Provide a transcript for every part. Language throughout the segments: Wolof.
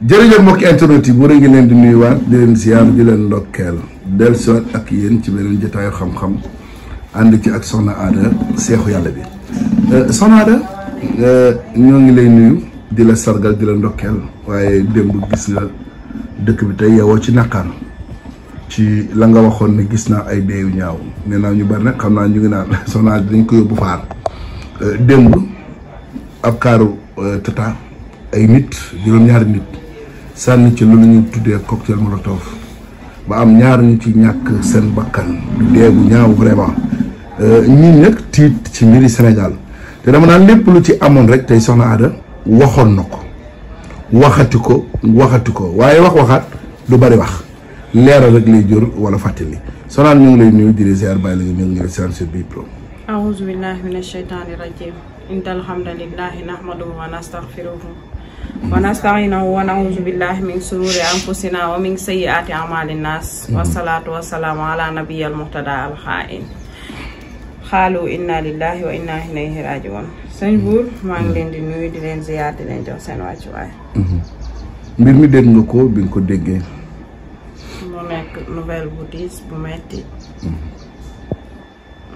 jërëjëf mbokki internet yi bu rëy ngi leen di nuyuwaat di leen ziar di leen ndokkeel dellusiwaat ak yéen ci beneen jotaayu xam-xam ànd ci ak soxna aada seexu yàlla bi euh, soxna aada euh, ñoo ngi lay nuyu di la sargal di la ndokkeel waaye démb gis nga dëkk bi tey yeewoo ci naqar ci la nga waxoon ne gis naa ay deeyu ñaaw nee naa ñu bari nag xam naa ñu ngi naan soxna aada dañ ko yóbbu faar euh, démb ab kaaru tata ay nit juróom-ñaari nit sànni ci lu ñu tuddee cocktail molotov ba am ñaar ñu ci ñàkk seen bakkan deegu ñaaw vraiment euh, ñi nag tiit ci mbiri Sénégal te dama naan lépp lu ci amoon rek tey soxna Ada waxoon na ko waxati ko waxati ko waaye wax waxaat lu bari wax leeral rek lay jur wala fàttali soxna ñu ngi lay nuyu di ziar bàyyi la nga ñëw ñu ngi seen sur bii pro a'uzu billahi minash shaytaani rajim innal hamdalillahi wa nastaghfiruhu ونستعينه ونعوذ بالله من شرور أنفسنا ومن سيئات أعمال الناس والصلاة والسلام على نبي المهتدى الخائن xaalu inna lillahi wa inna ilayhi rajiun sëñ buur maa ngi leen di nuyu di leen ziyaar leen jox seen wàccuwaay mhm. mbir mi dégg nga ko bi nga mu nekk nouvelle bu bu metti mhm.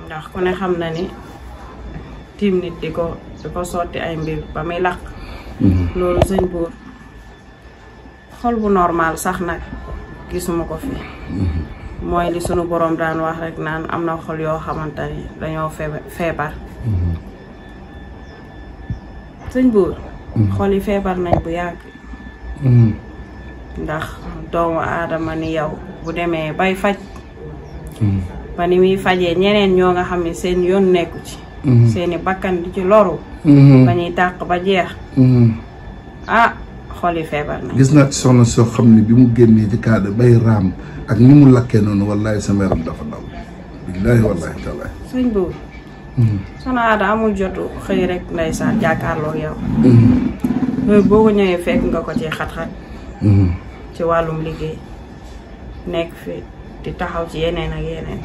ndax ku ne xam na ni tiim nit di ko sotti ay mbir ba muy làq Mm-hmm. loolu sëñ buur xol bu normal sax nag gisuma ko fi mm-hmm. mooy li sunu boroom daan wax rek naan am na xol yoo xamante ni dañoo feebar mm-hmm. sëñ buur xol yi feebar nañ bu yàgg ndax doomu aadama ni yow bu demee bay faj ba ni muy fajee ñeneen ñoo nga xam ne seen yoon nekku ci Mhm. seeni bakkan di ci loru mhm. ba ñuy tàq ba jeex mhm. ah xol yi feebar na gis naa soxna soo xam ne bi mu génnee ci kaada bay raam ak ni mu lakkee noonu wallaay sama yaram dafa daw billaahi wallaahi taala sëñ boobu soxna Aada amul jotu xëy rek ndeysaan jàkkaarloo yow loolu boo ko ñëwee fekk nga ko ci xat-xat ci wàllum liggéey nekk fi di taxaw ci yeneen ak yeneen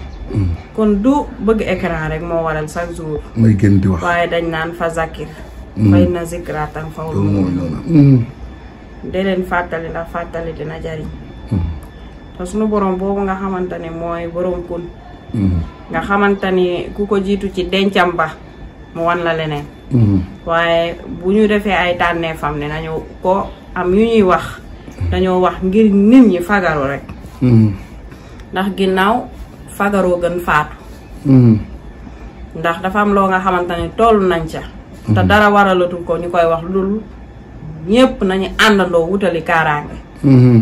kon du bëgg écran rek moo waral chaque jour. mooy gën di wax waaye dañ naan fa zakir. bay mm. na zikra tan faw. loolu mooy noonu. Mm. dee leen fàttali ndax fàttali dina jariñ. Mm. te sunu borom boobu nga xamante ne mooy borom kun. nga xamante ni ku ko jiitu ci dencam ba mu wan la leneen. waaye bu ñu defee ay fam ne nañu ko am yu ñuy wax. dañoo wax ngir nit ñi fagaru rek. ndax ginnaaw. fagaroo gën faatu mm. ndax dafa am loo nga xamante ne toll nañ ca te mm-hmm. dara waralatul ko ñu koy wax loolu ñépp nañu àndandoo wutali kaaraange mm-hmm.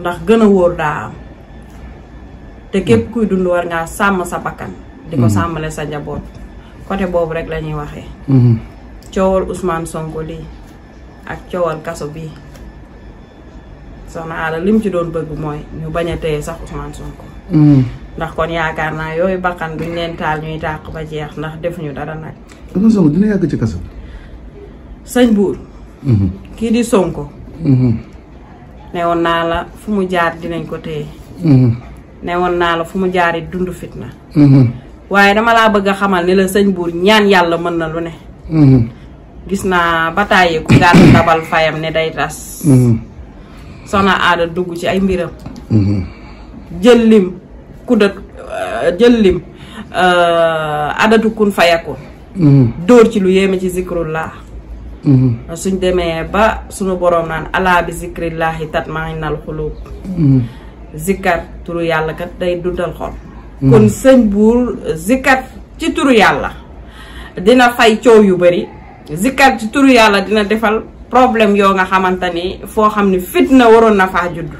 ndax gën a wóor daa am te képp mm. kuy dund war ngaa sàmm sa bakkan di ko mm-hmm. sàmmale sa njaboot côté boobu rek lañuy waxee coowal usmaan Sonko lii ak coowal kaso bii soxna Aada lim ci doon bëgg mooy ñu bañ a téye sax Ousmane Sonko ndax kon yaakaar naa yooyu bakkan duñ leen taal ñuy tàq ba jeex ndax defuñu dara nag. Ousmane Sonko sëñ Buur. Mhm. kii di Sonko. naa la fu jaar dinañ mhm. ko téye. newoon naa la fu mu jaar mhm. dund fitna. waaye dama laa bëgg a xamal ne sëñ Buur ñaan yàlla mën na lu ne. gis naa bataaye ku ne day tas. aada dugg ci ay mbiram. jël lim. kudda euh, jël lim euh, adatu kun fayakun mm-hmm. dóor ci lu yéeme ci zikrullah mm-hmm. suñ demee ba suñu boroom naan alaa bi zikrillahi tatma'innal xulub mm-hmm. zikkar turu yàlla kat day dundal xol kon sëñ buur zikkar ci turu yàlla dina fay coow yu bari zikkar ci turu yàlla dina defal problème yoo nga xamante ni foo xam ni fitna waroon na faa judd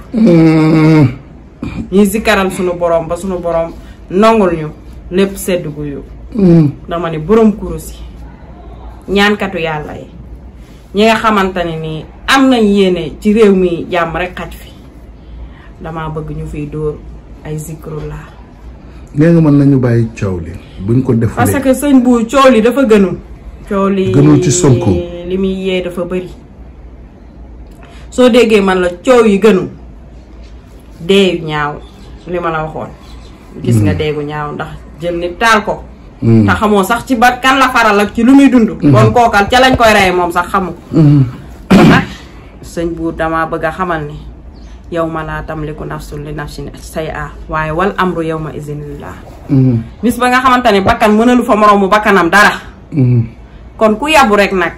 ñuy zikaral sunu borom ba sunu borom nongul ñu lépp sedd guyu mm. dama ne borom kurus yi ñaankatu yàlla yi ñi nga xamante ne nii am nañ yéene ci réew mi jàmm rek xaj fi dama bëgg ñu fiy dóor ay zikrullah nee nga mën nañu bàyyi coow li buñ ko def parce que sëñ bu coow li dafa gënul coow li gënul ci Sonko li muy yee dafa bari soo déggee man la coow yi gënul deeyu ñaaw li ma la waxoon gis nga hmm. deegu ñaaw ndax jël nit taal ko hmm. te xamoo sax ci bakkan la faral ak ci lu muy dund kon hmm. kookal ca lañ koy rey moom sax xamu nag sëñ buur dama bëgg a xamal ni yow ma laa tamliku nafsun li nafsin say a waaye wal amru yow ma isinillah bis ba nga xamante ni bakkan mënalu fa moroomu bakkanam dara kon ku yàbbu rek nag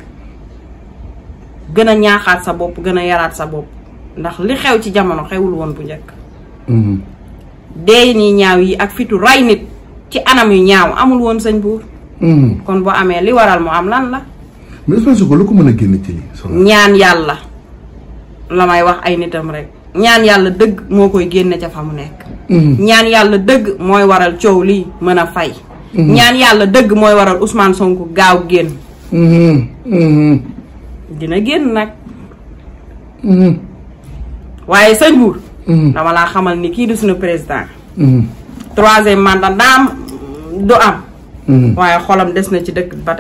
gën a ñaaxaat sa bopp gën a yaraat sa bopp ndax li xew ci jamono xewul woon bu njëkk mm-hmm. dee ni ñaaw yi ak fitu ray nit ci anam yu ñaaw amul woon sañ buur mm-hmm. kon boo amee li waral mu am lan la mais Ousmane Sonko ñaan yàlla la may wax ay nitam rek ñaan yàlla dëgg moo koy génne ca fa mu nekk mm-hmm. ñaan yàlla dëgg waral coow lii mën a fay ñaan yàlla dëgg mooy waral Ousmane Sonko gaaw génn dina génn nag waaye sëñ Buur. Mm-hmm. dama laa xamal ni kii du suñu président. Mm-hmm. troisième mandat daam du am. Mm-hmm. waaye xolam des na ci dëkk ba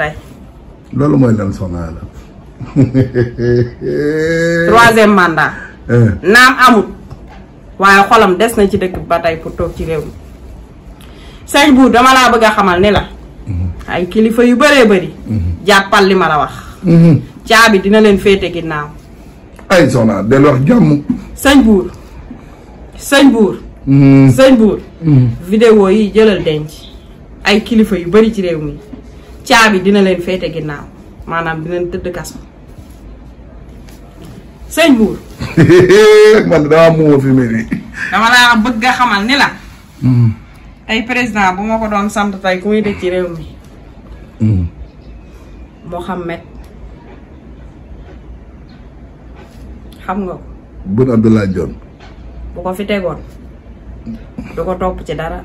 loolu mooy lan soxna la. troisième mandat. Eh. naam amut. waaye xolam des na ci dëkk ba tey pour toog ci réew mi. sëñ Buur dama laa bëgg a xamal ni la. ay kilifa yu bëree bëri. jàppal li ma la wax. caabi dina leen féete ginnaaw. ay soxna del wax jàmm. sañ buur sañ buur mm-hmm. sañ buur mm-hmm. vidéo yi jëlal denc ay kilifa yu bari ci réew mi caabi dina leen féete ginnaaw maanaam dina leen tëdd kaso sañ buur man damaa muuma fi mel nii dama laa bëgg a xamal ni la mm-hmm. ay président bu ma ko doon sant tey ku muy dëj ci réew mi Mohamed xam nga Boun Abdallah Dionne bu ko fi tegoon du ko topp ci dara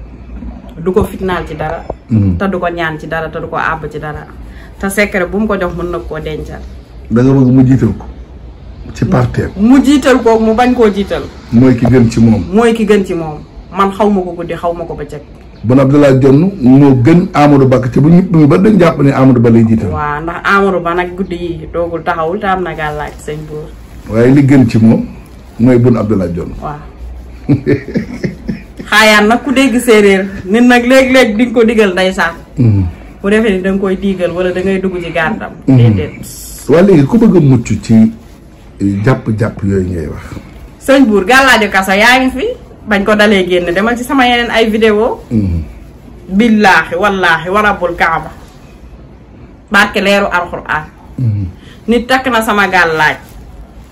du ko fitnaal ci dara hmm. te du ñaan ci dara te du ko àbb ci dara te secret bu mu ko jox mën na koo dencal da nga bëgg mu jiital ko ci mu jiital ko mu bañ koo jiital mooy ki gën ci moom mooy ki gën ci moom man xaw ma ko guddi xaw ma ko bëccëg Boun Abdallah Dionne moo gën Amadou Ba te bu ñu ñu ba dañ jàpp ne Amadou Ba lay jiital waaw ndax Amadou Ba nag guddi yi doogul taxawul te am na gàllaaj sëñ buur waaye li gën ci moom mooy Boun Abdallah Dionne. waaw. xaayaan nag ku dégg séeréer nit nag léeg-léeg di nga ko digal ndeysaan. Mm-hmm. bu defee ni da koy diigal wala da dugg ci gàndam. Mm-hmm. déedéet. léegi ku bëgg a mucc ci eh, jàpp-jàpp yooyu ngay wax. sëñ buur gàllaajo kaso yaa ngi fi bañ ko dalee génn demal ci sama yeneen ay vidéo mm-hmm. billaahi wallaahi warabul kaaba barke leeru alxuraan nit takk na sama gàllaaj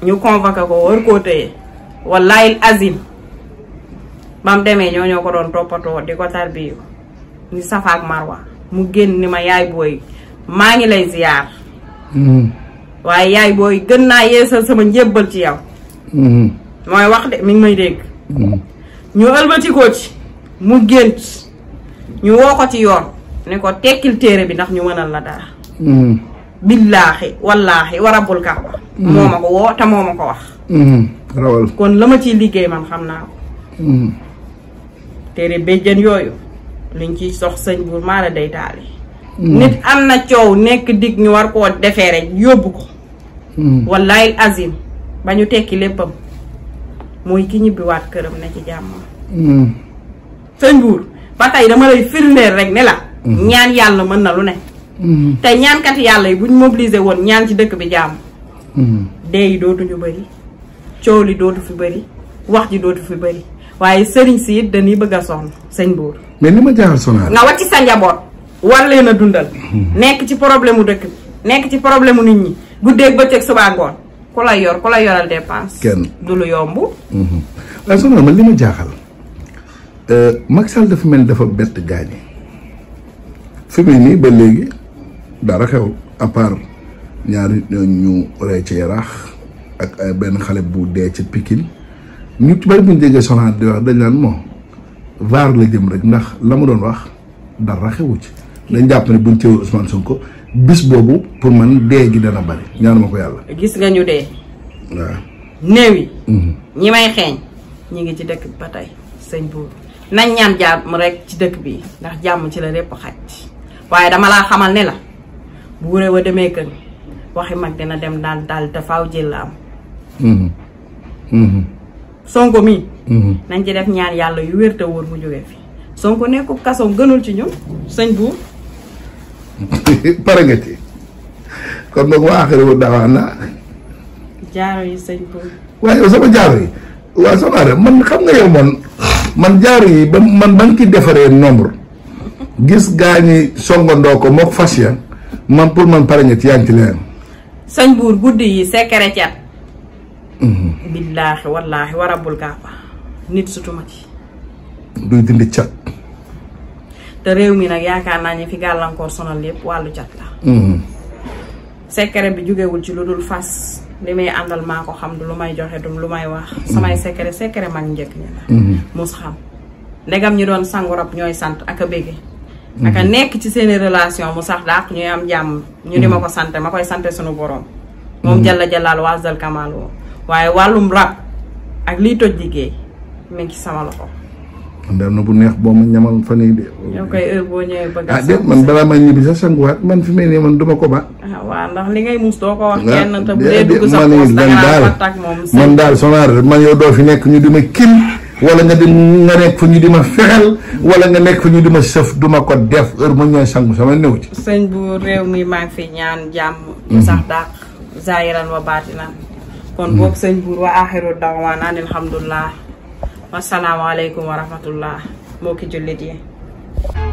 ñu convoqué ko war koo téye wallaayil azim bam demee ñoo ñoo ko doon toppatoo di ko tarbiyu ni Safa Marwa mu génn ni ma yaay booy maa ngi lay ziyaar mm-hmm. waaye yaay booy gën naa yeesal sama njébbal ci yow mm-hmm. mooy wax de mi ngi may dégg mm-hmm. ñu ëlbatikoo ci mu gént ñu woo ko ci yoon ne ko tekkil téere bi ndax ñu mënal la dara wallaaxi wallaahi wa rabbul kaaba moo ma ko woo te moo ma ko wax rawal kon la ma ciy liggéey man xam naa ko mm. téere béjjën yooyu luñ ciy sox sëñ buur maa la day taali mm. nit am na coow nekk dig ñu war koo defee rek yóbbu ko mm. wallaay azim ba ñu tekki léppam mooy ki ñibbiwaat këram na ci jàmm sëñ buur ba tey dama lay firndeel rek ne la ñaan yàlla mën na lu ne te ñaankat yàlla yi buñ mobilisé woon ñaan ci dëkk bi jàmm dee yi dootuñu bëri coow li dootu fi bëri wax ji dootu fi bëri waaye sëriñ si it dañuy bëgg a sonn sëñ mais ni ma jaaxal sonal. nga wàcc sa njaboot. war leen a dundal. Hmm. nekk ci problème mu dëkk bi nekk ci problème mu nit ñi guddeeg bëccëg subaa ngoon ku la yor ku la yoral dépense. kenn du lu yomb. Hmm. waaye sonal man li ma jaaxal euh, Macky dafa mel dafa bett gaañe fi mu nii ba léegi dara xew à part ñaari ñu rey ci yaraax. ak euh, benn xale bu dee ci pikin ñu ci bari bu ñu déggee soxna di wax dañ naan moom vaar la jëm rek ndax la mu doon wax dara xewu ci dañ jàpp ne buñ teewul Ousmane ko bis boobu pour man dee gi dana bari ñaanu ma ko yàlla. gis nga ñu dee. néew yi. Mhm. ñi may xeeñ ñi ngi ci dëkk bi ba tey sëñ buur nañ ñaan jàmm rek ci dëkk bi ndax jàmm ci la lépp xaj waaye dama laa xamal ne la bu wuree wa demee kër waxi mag dina dem daal daal dafaaw jël la am. Mm-hmm. Mm-hmm. sonko mi mm-hmm. nañ ci def ñaan yàlla yu wér te wóor mu jógee fi sonko nekku kaso gënul ci ñun sëñ buur pare nga kon nag waa axira wu daawaana jaaro yi sëñ buur waaye sama jaaro yi waaw soxna Adama man xam nga yow man man jaaro yi ba man ba nga ci defaree nombre gis gaa ñi songandoo ko mook fas ya man pour man pare yaa ngi ci leneen sëñ buur guddi yi secret cat billaahi wallaahi wa rabbul kaaba nit sutuma ci duy dindi cat te réew mi nag yaakaar naa ñu fi gàllankoor sonal yépp wàllu cat la mm-hmm. secret bi jógewul ci lu dul fas li may àndal maa ko xam du lu may joxe dum lu may wax samay mm-hmm. secret secret mag njëkk ñi la mus mm-hmm. xam ndegam ñi doon sangu rab ñooy sant ak a bége ak a nekk ci seeni relation mu sax daaq ñuy am jàmm ñu di ma ko sant ma koy sante sunu borom moom jalla jalaal waasal kamaal woom waaye wàllum rab ak liy toj liggéey mi sama loxo. man daal bu neex boo ma ñamal fan euh, a. Ah, man balaa may ñibbi sa sanguwaat man fi mel ne man duma ko ba. Ah, ndax li ngay muus doo ko wax. Ah, kenn te man daal sonar man yow doo fi nekk ñu di ma kim wala nga di nga nekk fu ñu di ma fexel wala nga nekk fu ñu di ma sëf du ma ko def heure ma ñëwee sangu sama néew ci. sëñ bu réew mi maa ngi fi ñaan jàmm. Mhm. sax dàq zaayiran wa kon hmm. boog sëñ buur wa axiru dawaan alhamdulilah wasalaamaaleykum wa rahmatullah mbokki jullit yi